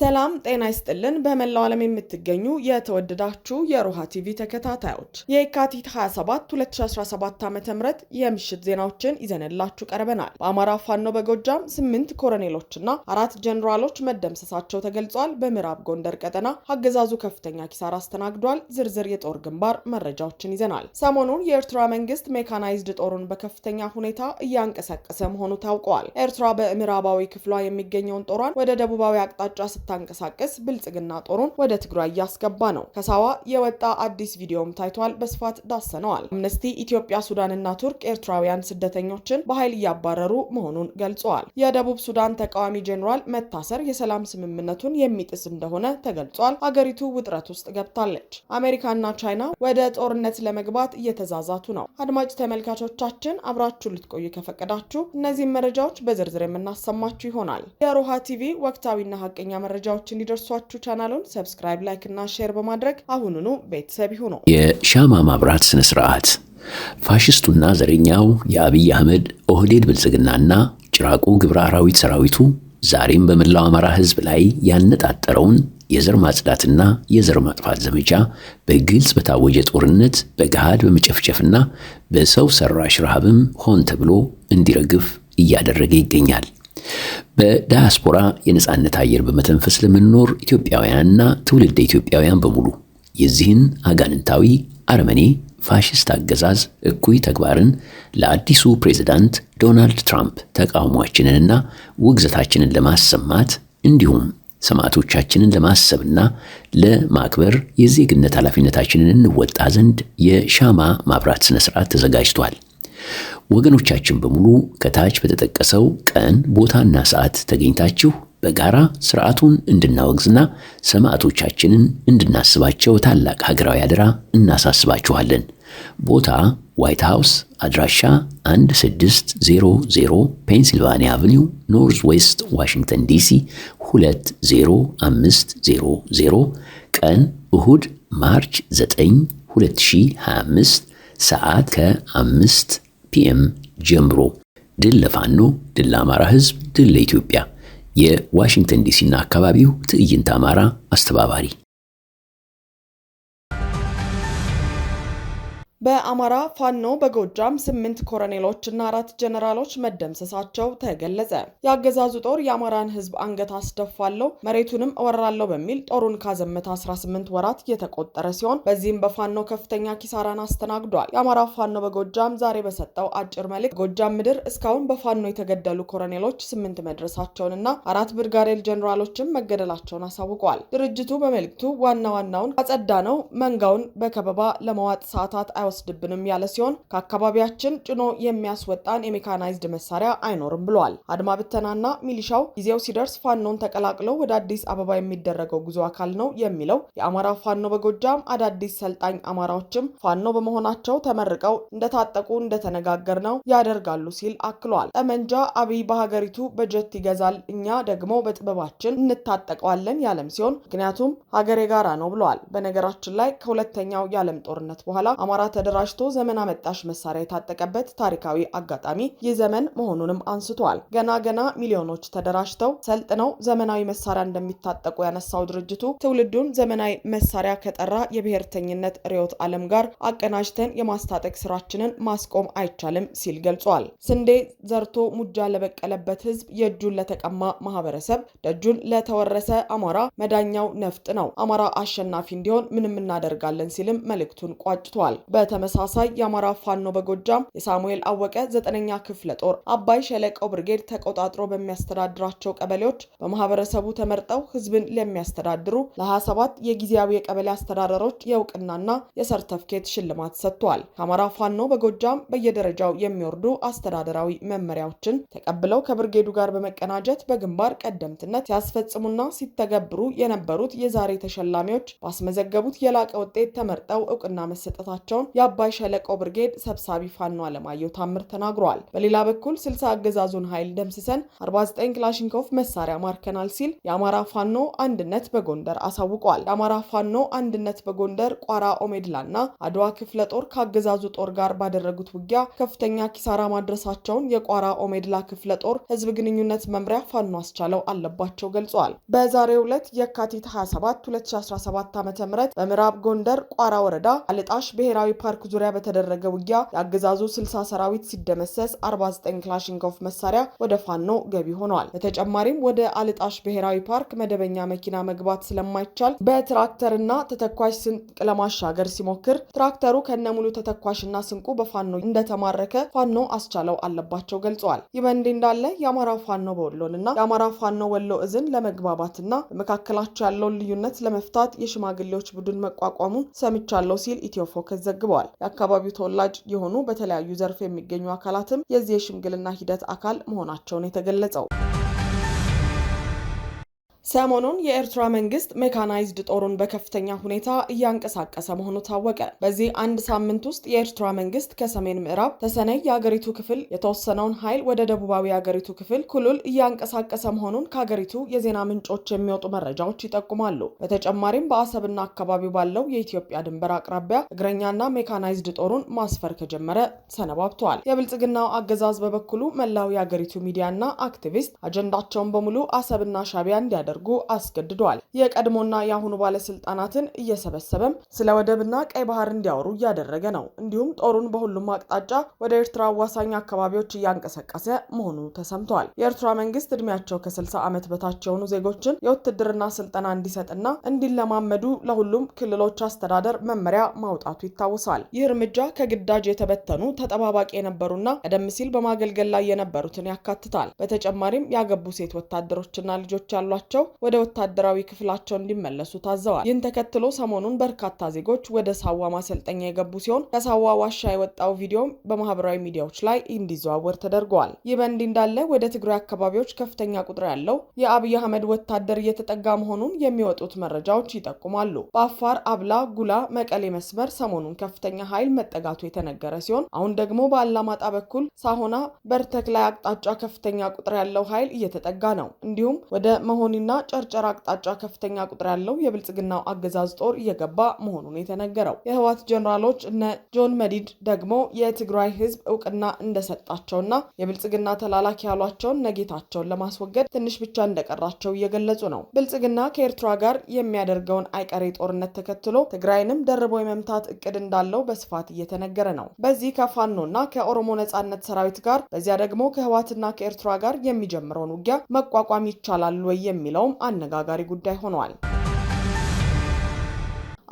ሰላም ጤና ይስጥልን። በመላው ዓለም የምትገኙ የተወደዳችሁ የሮሃ ቲቪ ተከታታዮች የካቲት 27 2017 ዓ ም የምሽት ዜናዎችን ይዘንላችሁ ቀርበናል። በአማራ ፋኖ በጎጃም ስምንት ኮሎኔሎችና አራት ጀኔራሎች መደምሰሳቸው ተገልጿል። በምዕራብ ጎንደር ቀጠና አገዛዙ ከፍተኛ ኪሳራ አስተናግዷል። ዝርዝር የጦር ግንባር መረጃዎችን ይዘናል። ሰሞኑን የኤርትራ መንግስት ሜካናይዝድ ጦሩን በከፍተኛ ሁኔታ እያንቀሳቀሰ መሆኑ ታውቋል። ኤርትራ በምዕራባዊ ክፍሏ የሚገኘውን ጦሯን ወደ ደቡባዊ አቅጣጫ ስታንቀሳቀስ ብልጽግና ጦሩን ወደ ትግራይ እያስገባ ነው። ከሳዋ የወጣ አዲስ ቪዲዮም ታይቷል። በስፋት ዳሰነዋል። አምነስቲ ኢትዮጵያ፣ ሱዳንና ቱርክ ኤርትራውያን ስደተኞችን በኃይል እያባረሩ መሆኑን ገልጸዋል። የደቡብ ሱዳን ተቃዋሚ ጄኔራል መታሰር የሰላም ስምምነቱን የሚጥስ እንደሆነ ተገልጿል። አገሪቱ ውጥረት ውስጥ ገብታለች። አሜሪካና ቻይና ወደ ጦርነት ለመግባት እየተዛዛቱ ነው። አድማጭ ተመልካቾቻችን አብራችሁ ልትቆዩ ከፈቀዳችሁ እነዚህም መረጃዎች በዝርዝር የምናሰማችሁ ይሆናል። የሮሃ ቲቪ ወቅታዊና ሀቀኛ መረጃ መረጃዎች እንዲደርሷችሁ ቻናሉን ሰብስክራይብ፣ ላይክ እና ሼር በማድረግ አሁኑኑ ቤተሰብ ይሁኑ። የሻማ ማብራት ስነ ስርዓት ፋሽስቱና ዘረኛው የአብይ አህመድ ኦህዴድ ብልጽግናና ጭራቁ ግብረ አራዊት ሰራዊቱ ዛሬም በመላው አማራ ህዝብ ላይ ያነጣጠረውን የዘር ማጽዳትና የዘር ማጥፋት ዘመቻ በግልጽ በታወጀ ጦርነት በገሃድ በመጨፍጨፍና በሰው ሰራሽ ረሃብም ሆን ተብሎ እንዲረግፍ እያደረገ ይገኛል። በዳያስፖራ የነጻነት አየር በመተንፈስ ለምንኖር ኢትዮጵያውያንና ትውልደ ኢትዮጵያውያን በሙሉ የዚህን አጋንንታዊ አረመኔ ፋሽስት አገዛዝ እኩይ ተግባርን ለአዲሱ ፕሬዝዳንት ዶናልድ ትራምፕ ተቃውሟችንንና ውግዘታችንን ለማሰማት እንዲሁም ሰማዕቶቻችንን ለማሰብና ለማክበር የዜግነት ኃላፊነታችንን እንወጣ ዘንድ የሻማ ማብራት ስነስርዓት ተዘጋጅቷል። ወገኖቻችን በሙሉ ከታች በተጠቀሰው ቀን ቦታና ሰዓት ተገኝታችሁ በጋራ ስርዓቱን እንድናወግዝና ሰማዕቶቻችንን እንድናስባቸው ታላቅ ሀገራዊ አደራ እናሳስባችኋለን። ቦታ ዋይት ሃውስ፣ አድራሻ 1600 ፔንሲልቫኒያ አቨኒው ኖርዝ ዌስት ዋሽንግተን ዲሲ 20500፣ ቀን እሁድ ማርች 9 2025፣ ሰዓት ከአምስት ፒኤም ጀምሮ ድል ለፋኖ፣ ድል ለአማራ ህዝብ፣ ድል ለኢትዮጵያ። የዋሽንግተን ዲሲና አካባቢው ትዕይንት አማራ አስተባባሪ በአማራ ፋኖ በጎጃም ስምንት ኮሎኔሎች እና አራት ጀነራሎች መደምሰሳቸው ተገለጸ። የአገዛዙ ጦር የአማራን ሕዝብ አንገት አስደፋለሁ መሬቱንም እወራለሁ በሚል ጦሩን ካዘመተ 18 ወራት የተቆጠረ ሲሆን በዚህም በፋኖ ከፍተኛ ኪሳራን አስተናግዷል። የአማራ ፋኖ በጎጃም ዛሬ በሰጠው አጭር መልእክት ጎጃም ምድር እስካሁን በፋኖ የተገደሉ ኮረኔሎች ስምንት መድረሳቸውን እና አራት ብርጋዴር ጀነራሎችም መገደላቸውን አሳውቋል። ድርጅቱ በመልእክቱ ዋና ዋናውን አጸዳ ነው መንጋውን በከበባ ለመዋጥ ሰዓታት አይወስድብንም ያለ ሲሆን ከአካባቢያችን ጭኖ የሚያስወጣን የሜካናይዝድ መሳሪያ አይኖርም ብሏል። አድማ ብተናና ሚሊሻው ጊዜው ሲደርስ ፋኖን ተቀላቅለው ወደ አዲስ አበባ የሚደረገው ጉዞ አካል ነው የሚለው የአማራ ፋኖ በጎጃም አዳዲስ ሰልጣኝ አማራዎችም ፋኖ በመሆናቸው ተመርቀው እንደታጠቁ እንደተነጋገር ነው ያደርጋሉ ሲል አክሏል። ጠመንጃ አብይ በሀገሪቱ በጀት ይገዛል፣ እኛ ደግሞ በጥበባችን እንታጠቀዋለን ያለም ሲሆን ምክንያቱም ሀገር የጋራ ነው ብለዋል። በነገራችን ላይ ከሁለተኛው የዓለም ጦርነት በኋላ አማራ ተደራጅቶ ዘመን አመጣሽ መሳሪያ የታጠቀበት ታሪካዊ አጋጣሚ ይህ ዘመን መሆኑንም አንስቷል። ገና ገና ሚሊዮኖች ተደራጅተው ሰልጥነው ዘመናዊ መሳሪያ እንደሚታጠቁ ያነሳው ድርጅቱ ትውልዱን ዘመናዊ መሳሪያ ከጠራ የብሔርተኝነት ርዕዮተ ዓለም ጋር አቀናጅተን የማስታጠቅ ስራችንን ማስቆም አይቻልም ሲል ገልጿል። ስንዴ ዘርቶ ሙጃ ለበቀለበት ህዝብ፣ የእጁን ለተቀማ ማህበረሰብ፣ ደጁን ለተወረሰ አማራ መዳኛው ነፍጥ ነው። አማራ አሸናፊ እንዲሆን ምንም እናደርጋለን ሲልም መልእክቱን ቋጭቷል። በተመሳሳይ የአማራ ፋኖ በጎጃም የሳሙኤል አወቀ ዘጠነኛ ክፍለ ጦር አባይ ሸለቆ ብርጌድ ተቆጣጥሮ በሚያስተዳድራቸው ቀበሌዎች በማህበረሰቡ ተመርጠው ህዝብን ለሚያስተዳድሩ ለ27 የጊዜያዊ የቀበሌ አስተዳደሮች የእውቅናና የሰርተፍኬት ሽልማት ሰጥቷል። ከአማራ ፋኖ በጎጃም በየደረጃው የሚወርዱ አስተዳደራዊ መመሪያዎችን ተቀብለው ከብርጌዱ ጋር በመቀናጀት በግንባር ቀደምትነት ሲያስፈጽሙና ሲተገብሩ የነበሩት የዛሬ ተሸላሚዎች ባስመዘገቡት የላቀ ውጤት ተመርጠው እውቅና መሰጠታቸውን የአባይ ሸለቆ ብርጌድ ሰብሳቢ ፋኖ አለማየሁ ታምር ተናግረዋል። በሌላ በኩል ስልሳ አገዛዙን ኃይል ደምስሰን 49 ክላሽንኮቭ መሳሪያ ማርከናል ሲል የአማራ ፋኖ አንድነት በጎንደር አሳውቋል። የአማራ ፋኖ አንድነት በጎንደር ቋራ ኦሜድላና አድዋ ክፍለ ጦር ከአገዛዙ ጦር ጋር ባደረጉት ውጊያ ከፍተኛ ኪሳራ ማድረሳቸውን የቋራ ኦሜድላ ክፍለ ጦር ህዝብ ግንኙነት መምሪያ ፋኖ አስቻለው አለባቸው ገልጿል። በዛሬው ዕለት የካቲት 27 2017 ዓ ም በምዕራብ ጎንደር ቋራ ወረዳ አልጣሽ ብሔራዊ ፓ ፓርክ ዙሪያ በተደረገ ውጊያ የአገዛዙ 60 ሰራዊት ሲደመሰስ 49 ክላሽንኮቭ መሳሪያ ወደ ፋኖ ገቢ ሆኗል። በተጨማሪም ወደ አልጣሽ ብሔራዊ ፓርክ መደበኛ መኪና መግባት ስለማይቻል በትራክተርና ተተኳሽ ስንቅ ለማሻገር ሲሞክር ትራክተሩ ከነሙሉ ተተኳሽና ስንቁ በፋኖ እንደተማረከ ፋኖ አስቻለው አለባቸው ገልጸዋል። ይህ በእንዲህ እንዳለ የአማራ ፋኖ በወሎንና የአማራ ፋኖ ወሎ እዝን ለመግባባትና በመካከላቸው ያለውን ልዩነት ለመፍታት የሽማግሌዎች ቡድን መቋቋሙ ሰምቻለሁ ሲል ኢትዮፎክስ ዘግቧል። ብለዋል። የአካባቢው ተወላጅ የሆኑ በተለያዩ ዘርፍ የሚገኙ አካላትም የዚህ የሽምግልና ሂደት አካል መሆናቸውን የተገለጸው ሰሞኑን የኤርትራ መንግስት ሜካናይዝድ ጦሩን በከፍተኛ ሁኔታ እያንቀሳቀሰ መሆኑ ታወቀ። በዚህ አንድ ሳምንት ውስጥ የኤርትራ መንግስት ከሰሜን ምዕራብ ተሰነይ የአገሪቱ ክፍል የተወሰነውን ኃይል ወደ ደቡባዊ የአገሪቱ ክፍል ኩሉል እያንቀሳቀሰ መሆኑን ከአገሪቱ የዜና ምንጮች የሚወጡ መረጃዎች ይጠቁማሉ። በተጨማሪም በአሰብና አካባቢው ባለው የኢትዮጵያ ድንበር አቅራቢያ እግረኛና ሜካናይዝድ ጦሩን ማስፈር ከጀመረ ሰነባብተዋል። የብልጽግናው አገዛዝ በበኩሉ መላው የአገሪቱ ሚዲያና አክቲቪስት አጀንዳቸውን በሙሉ አሰብና ሻቢያ እንዲያደርጉ እንዲያደርጉ አስገድዷል። የቀድሞና የአሁኑ ባለስልጣናትን እየሰበሰበም ስለ ወደብና ቀይ ባህር እንዲያወሩ እያደረገ ነው። እንዲሁም ጦሩን በሁሉም አቅጣጫ ወደ ኤርትራ አዋሳኝ አካባቢዎች እያንቀሳቀሰ መሆኑ ተሰምቷል። የኤርትራ መንግስት እድሜያቸው ከ60 ዓመት በታች የሆኑ ዜጎችን የውትድርና ስልጠና እንዲሰጥና እንዲለማመዱ ለሁሉም ክልሎች አስተዳደር መመሪያ ማውጣቱ ይታወሳል። ይህ እርምጃ ከግዳጅ የተበተኑ ተጠባባቂ የነበሩና ቀደም ሲል በማገልገል ላይ የነበሩትን ያካትታል። በተጨማሪም ያገቡ ሴት ወታደሮችና ልጆች ያሏቸው ወደ ወታደራዊ ክፍላቸው እንዲመለሱ ታዘዋል። ይህን ተከትሎ ሰሞኑን በርካታ ዜጎች ወደ ሳዋ ማሰልጠኛ የገቡ ሲሆን ከሳዋ ዋሻ የወጣው ቪዲዮም በማህበራዊ ሚዲያዎች ላይ እንዲዘዋወር ተደርገዋል። ይህ በእንዲህ እንዳለ ወደ ትግራይ አካባቢዎች ከፍተኛ ቁጥር ያለው የአብይ አህመድ ወታደር እየተጠጋ መሆኑን የሚወጡት መረጃዎች ይጠቁማሉ። በአፋር አብላ ጉላ መቀሌ መስመር ሰሞኑን ከፍተኛ ኃይል መጠጋቱ የተነገረ ሲሆን አሁን ደግሞ በአላማጣ በኩል ሳሆና በርተክ ላይ አቅጣጫ ከፍተኛ ቁጥር ያለው ኃይል እየተጠጋ ነው። እንዲሁም ወደ መሆኒና እና ጨርጨር አቅጣጫ ከፍተኛ ቁጥር ያለው የብልጽግናው አገዛዝ ጦር እየገባ መሆኑን የተነገረው የህወሓት ጀኔራሎች እነ ጆን መዲድ ደግሞ የትግራይ ህዝብ እውቅና እንደሰጣቸውና የብልጽግና ተላላኪ ያሏቸውን ነጌታቸውን ለማስወገድ ትንሽ ብቻ እንደቀራቸው እየገለጹ ነው። ብልጽግና ከኤርትራ ጋር የሚያደርገውን አይቀሬ ጦርነት ተከትሎ ትግራይንም ደርቦ የመምታት እቅድ እንዳለው በስፋት እየተነገረ ነው። በዚህ ከፋኖና ከኦሮሞ ነጻነት ሰራዊት ጋር በዚያ ደግሞ ከህወሓትና ከኤርትራ ጋር የሚጀምረውን ውጊያ መቋቋም ይቻላል ወይ የሚለው የሚለውም አነጋጋሪ ጉዳይ ሆኗል።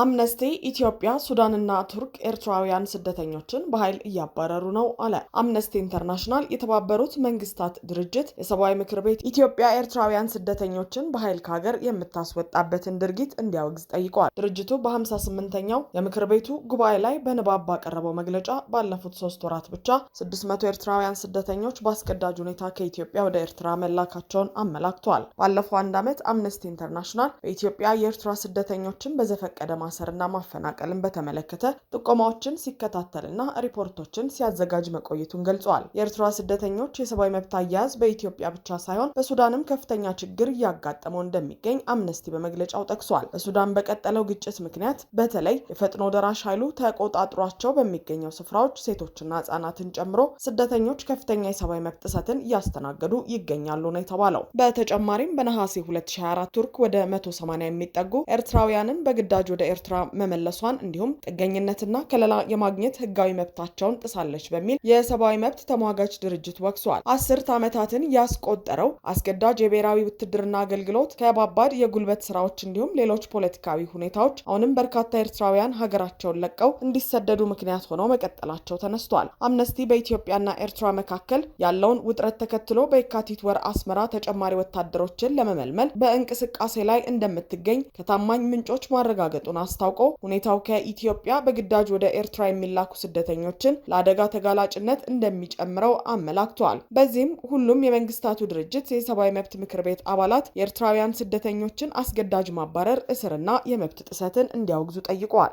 አምነስቲ ኢትዮጵያ ሱዳንና ቱርክ ኤርትራውያን ስደተኞችን በኃይል እያባረሩ ነው አለ። አምነስቲ ኢንተርናሽናል የተባበሩት መንግስታት ድርጅት የሰብአዊ ምክር ቤት ኢትዮጵያ ኤርትራውያን ስደተኞችን በኃይል ከሀገር የምታስወጣበትን ድርጊት እንዲያወግዝ ጠይቋል። ድርጅቱ በ58ኛው የምክር ቤቱ ጉባኤ ላይ በንባብ ባቀረበው መግለጫ ባለፉት ሶስት ወራት ብቻ 600 ኤርትራውያን ስደተኞች በአስገዳጅ ሁኔታ ከኢትዮጵያ ወደ ኤርትራ መላካቸውን አመላክቷል። ባለፈው አንድ ዓመት አምነስቲ ኢንተርናሽናል በኢትዮጵያ የኤርትራ ስደተኞችን በዘፈቀደ ማሰርና ማፈናቀልን በተመለከተ ጥቆማዎችን ሲከታተልና ሪፖርቶችን ሲያዘጋጅ መቆየቱን ገልጿል። የኤርትራ ስደተኞች የሰብአዊ መብት አያያዝ በኢትዮጵያ ብቻ ሳይሆን በሱዳንም ከፍተኛ ችግር እያጋጠመው እንደሚገኝ አምነስቲ በመግለጫው ጠቅሷል። በሱዳን በቀጠለው ግጭት ምክንያት በተለይ የፈጥኖ ደራሽ ኃይሉ ተቆጣጥሯቸው በሚገኘው ስፍራዎች ሴቶችና ህጻናትን ጨምሮ ስደተኞች ከፍተኛ የሰብአዊ መብት ጥሰትን እያስተናገዱ ይገኛሉ ነው የተባለው። በተጨማሪም በነሐሴ 2024 ቱርክ ወደ 180 የሚጠጉ ኤርትራውያንን በግዳጅ ወደ ኤርትራ መመለሷን እንዲሁም ጥገኝነትና ከለላ የማግኘት ህጋዊ መብታቸውን ጥሳለች በሚል የሰብአዊ መብት ተሟጋች ድርጅት ወቅሷል። አስርት ዓመታትን ያስቆጠረው አስገዳጅ የብሔራዊ ውትድርና አገልግሎት፣ ከባባድ የጉልበት ስራዎች እንዲሁም ሌሎች ፖለቲካዊ ሁኔታዎች አሁንም በርካታ ኤርትራውያን ሀገራቸውን ለቀው እንዲሰደዱ ምክንያት ሆነው መቀጠላቸው ተነስቷል። አምነስቲ በኢትዮጵያና ኤርትራ መካከል ያለውን ውጥረት ተከትሎ በየካቲት ወር አስመራ ተጨማሪ ወታደሮችን ለመመልመል በእንቅስቃሴ ላይ እንደምትገኝ ከታማኝ ምንጮች ማረጋገጡን አስታውቀው ሁኔታው ከኢትዮጵያ በግዳጅ ወደ ኤርትራ የሚላኩ ስደተኞችን ለአደጋ ተጋላጭነት እንደሚጨምረው አመላክቷል። በዚህም ሁሉም የመንግስታቱ ድርጅት የሰብአዊ መብት ምክር ቤት አባላት የኤርትራውያን ስደተኞችን አስገዳጅ ማባረር፣ እስርና የመብት ጥሰትን እንዲያወግዙ ጠይቀዋል።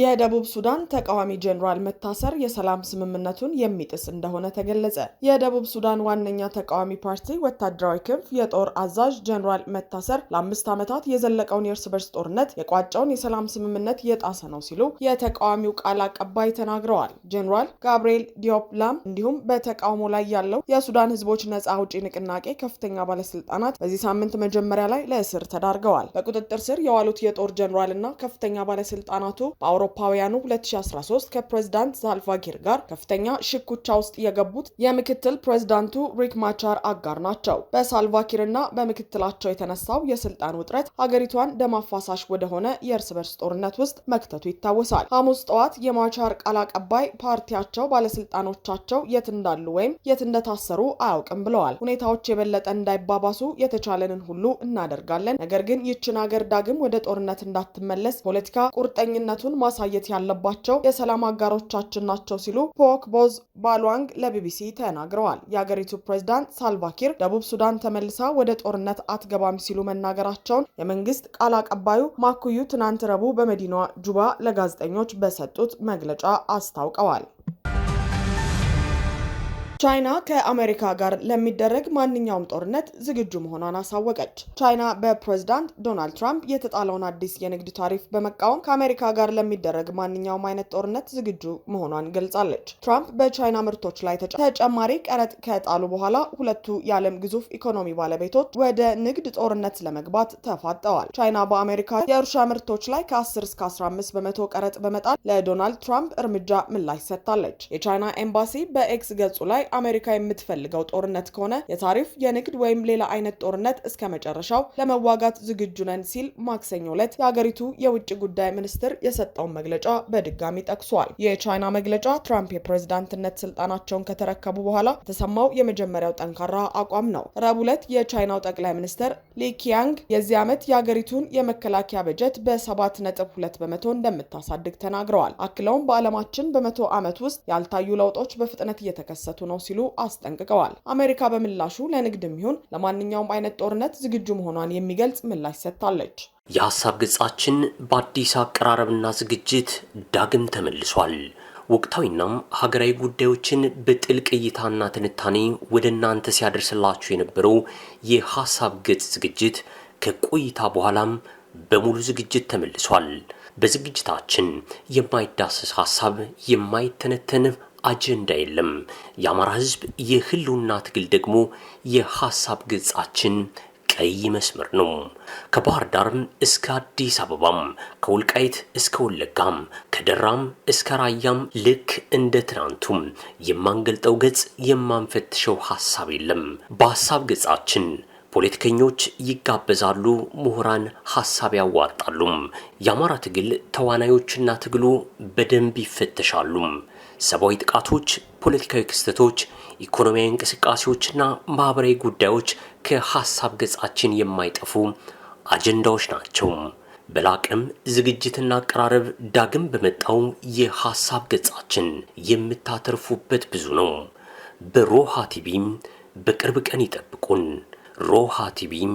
የደቡብ ሱዳን ተቃዋሚ ጀኔራል መታሰር የሰላም ስምምነቱን የሚጥስ እንደሆነ ተገለጸ። የደቡብ ሱዳን ዋነኛ ተቃዋሚ ፓርቲ ወታደራዊ ክንፍ የጦር አዛዥ ጀኔራል መታሰር ለአምስት ዓመታት የዘለቀውን የእርስ በርስ ጦርነት የቋጨውን የሰላም ስምምነት የጣሰ ነው ሲሉ የተቃዋሚው ቃል አቀባይ ተናግረዋል። ጀኔራል ጋብርኤል ዲዮፕ ላም እንዲሁም በተቃውሞ ላይ ያለው የሱዳን ህዝቦች ነጻ አውጪ ንቅናቄ ከፍተኛ ባለስልጣናት በዚህ ሳምንት መጀመሪያ ላይ ለእስር ተዳርገዋል። በቁጥጥር ስር የዋሉት የጦር ጄኔራልና ከፍተኛ ባለስልጣናቱ አውሮፓውያኑ 2013 ከፕሬዝዳንት ሳልቫኪር ጋር ከፍተኛ ሽኩቻ ውስጥ የገቡት የምክትል ፕሬዝዳንቱ ሪክ ማቻር አጋር ናቸው። በሳልቫኪርና በምክትላቸው የተነሳው የስልጣን ውጥረት ሀገሪቷን ደም አፋሳሽ ወደሆነ የእርስ በርስ ጦርነት ውስጥ መክተቱ ይታወሳል። ሐሙስ ጠዋት የማቻር ቃል አቀባይ ፓርቲያቸው ባለስልጣኖቻቸው የት እንዳሉ ወይም የት እንደታሰሩ አያውቅም ብለዋል። ሁኔታዎች የበለጠ እንዳይባባሱ የተቻለንን ሁሉ እናደርጋለን፣ ነገር ግን ይችን ሀገር ዳግም ወደ ጦርነት እንዳትመለስ ፖለቲካ ቁርጠኝነቱን ማ። ማሳየት ያለባቸው የሰላም አጋሮቻችን ናቸው ሲሉ ፖክ ቦዝ ባሏንግ ለቢቢሲ ተናግረዋል። የአገሪቱ ፕሬዝዳንት ሳልቫኪር ደቡብ ሱዳን ተመልሳ ወደ ጦርነት አትገባም ሲሉ መናገራቸውን የመንግስት ቃል አቀባዩ ማኩዩ ትናንት ረቡዕ በመዲናዋ ጁባ ለጋዜጠኞች በሰጡት መግለጫ አስታውቀዋል። ቻይና ከአሜሪካ ጋር ለሚደረግ ማንኛውም ጦርነት ዝግጁ መሆኗን አሳወቀች። ቻይና በፕሬዝዳንት ዶናልድ ትራምፕ የተጣለውን አዲስ የንግድ ታሪፍ በመቃወም ከአሜሪካ ጋር ለሚደረግ ማንኛውም አይነት ጦርነት ዝግጁ መሆኗን ገልጻለች። ትራምፕ በቻይና ምርቶች ላይ ተጨማሪ ቀረጥ ከጣሉ በኋላ ሁለቱ የዓለም ግዙፍ ኢኮኖሚ ባለቤቶች ወደ ንግድ ጦርነት ለመግባት ተፋጠዋል። ቻይና በአሜሪካ የእርሻ ምርቶች ላይ ከ10 እስከ 15 በመቶ ቀረጥ በመጣል ለዶናልድ ትራምፕ እርምጃ ምላሽ ሰጥታለች። የቻይና ኤምባሲ በኤክስ ገጹ ላይ አሜሪካ የምትፈልገው ጦርነት ከሆነ የታሪፍ የንግድ ወይም ሌላ አይነት ጦርነት እስከ መጨረሻው ለመዋጋት ዝግጁ ነን ሲል ማክሰኞ ዕለት የአገሪቱ የውጭ ጉዳይ ሚኒስትር የሰጠውን መግለጫ በድጋሚ ጠቅሷል። የቻይና መግለጫ ትራምፕ የፕሬዝዳንትነት ስልጣናቸውን ከተረከቡ በኋላ የተሰማው የመጀመሪያው ጠንካራ አቋም ነው። ረቡዕ ዕለት የቻይናው ጠቅላይ ሚኒስትር ሊኪያንግ የዚህ ዓመት የአገሪቱን የመከላከያ በጀት በሰባት ነጥብ ሁለት በመቶ እንደምታሳድግ ተናግረዋል። አክለውም በዓለማችን በመቶ ዓመት ውስጥ ያልታዩ ለውጦች በፍጥነት እየተከሰቱ ነው ሲሉ አስጠንቅቀዋል። አሜሪካ በምላሹ ለንግድም ይሁን ለማንኛውም አይነት ጦርነት ዝግጁ መሆኗን የሚገልጽ ምላሽ ሰጥታለች። የሀሳብ ገጻችን በአዲስ አቀራረብና ዝግጅት ዳግም ተመልሷል። ወቅታዊና ሀገራዊ ጉዳዮችን በጥልቅ እይታና ትንታኔ ወደ እናንተ ሲያደርስላችሁ የነበረው የሀሳብ ገጽ ዝግጅት ከቆይታ በኋላም በሙሉ ዝግጅት ተመልሷል። በዝግጅታችን የማይዳሰስ ሀሳብ፣ የማይተነተን አጀንዳ የለም። የአማራ ህዝብ የህልውና ትግል ደግሞ የሐሳብ ገጻችን ቀይ መስመር ነው። ከባህር ዳርም እስከ አዲስ አበባም፣ ከውልቃይት እስከ ወለጋም፣ ከደራም እስከ ራያም ልክ እንደ ትናንቱም የማንገልጠው ገጽ የማንፈትሸው ሐሳብ የለም። በሐሳብ ገጻችን ፖለቲከኞች ይጋበዛሉ፣ ምሁራን ሐሳብ ያዋጣሉም። የአማራ ትግል ተዋናዮችና ትግሉ በደንብ ይፈተሻሉም። ሰብአዊ ጥቃቶች፣ ፖለቲካዊ ክስተቶች፣ ኢኮኖሚያዊ እንቅስቃሴዎችና ማኅበራዊ ጉዳዮች ከሐሳብ ገጻችን የማይጠፉ አጀንዳዎች ናቸው። በላቅም ዝግጅትና አቀራረብ ዳግም በመጣው የሐሳብ ገጻችን የምታተርፉበት ብዙ ነው። በሮሃ ቲቪም በቅርብ ቀን ይጠብቁን። ሮሃ ቲቪም